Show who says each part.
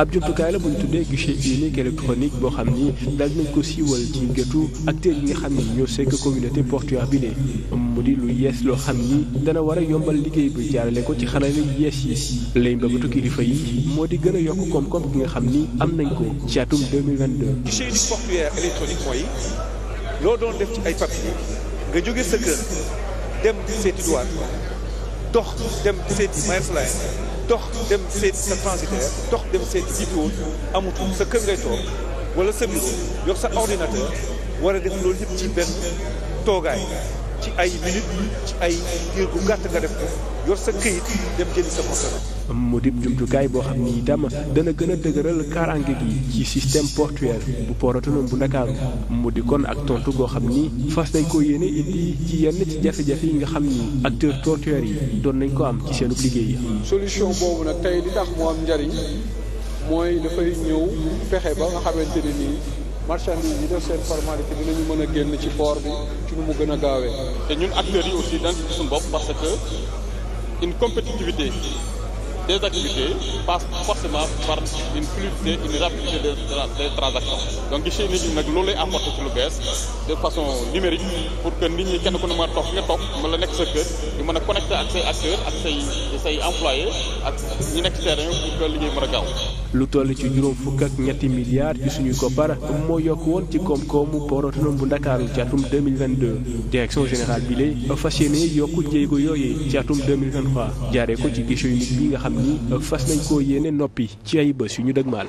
Speaker 1: ab jumtukaay la bu ñu tuddee guichet unique électronique boo xam ni daal nañ ko siiwal ci gëtu acteurs yi nga xam ni ñoo sekk communauté portuaire bi de mu di lu yees loo xam ni dana war a yombal liggéey bi jaarale ko ci xarale yu yees yi lay mbëggatu kilifa yi moo di gën a yokk koom kom gi nga xam ni am nañ ko ci atum 2022.
Speaker 2: guichet unique portuaire électronique mooy loo doon def ci ay papier nga jóge sa kër dem seeti douane dox dem seeti maire dox dem seeti sa transitaire dox dem seeti diplôme amatul sa kër ngay toog wala sa bureau yor sa ordinateur war a def loolu yëpp ci benn toogaay ci ay minute ci ay ngir gu gàtt nga def ko yor sa këyit dem jëli sa poste
Speaker 1: mu dib jumtukaay boo xam ni itam dana gën a dëgëral kaaraange gi ci système portuaire bu port autonome bu Ndakaaru mu di kon ak tontu goo xam ni fas nañ ko yéene indi ci yenn ci jafe-jafe yi nga xam ni acteurs portuaires yi doon nañ ko am ci seenub liggéey yi. solution
Speaker 3: boobu nag tey di tax mu am njariñ mooy dafay ñëw fexe ba nga xamante ne nii. marchandise yi def seen formalité dinañu mën a génn ci port bi ci nu mu gën a gaawee.
Speaker 4: te ñun acteurs yi aussi dañ ci gis suñu bopp parce que une compétitivité des activités passe forcément par une fluidité une rapidité des des transactions. donc guichet unique nag loolu lay apporté ci lu bees de façon numérique pour que nit ñi kenn ku ne ma a toog nga toog mën la nekk sa kër di mën a connecté ak say acteurs ak say say employés ak ñi nekk terrain pour que liggéey mën a gaaw.
Speaker 1: lu toll ci juróom fukk ak ñetti milliards ci suñu ko bara koppar moo yokk woon ci koom-koomu port autonome bu ndakaaru ci atum 2022 direction générale bi lay fas yéene yokk jéego yooyee ci atum 2023 jaaree ko ci guichet unique bi nga xam ni fas nañ koo yéene noppi ci ay bés yu ñu dëgmaal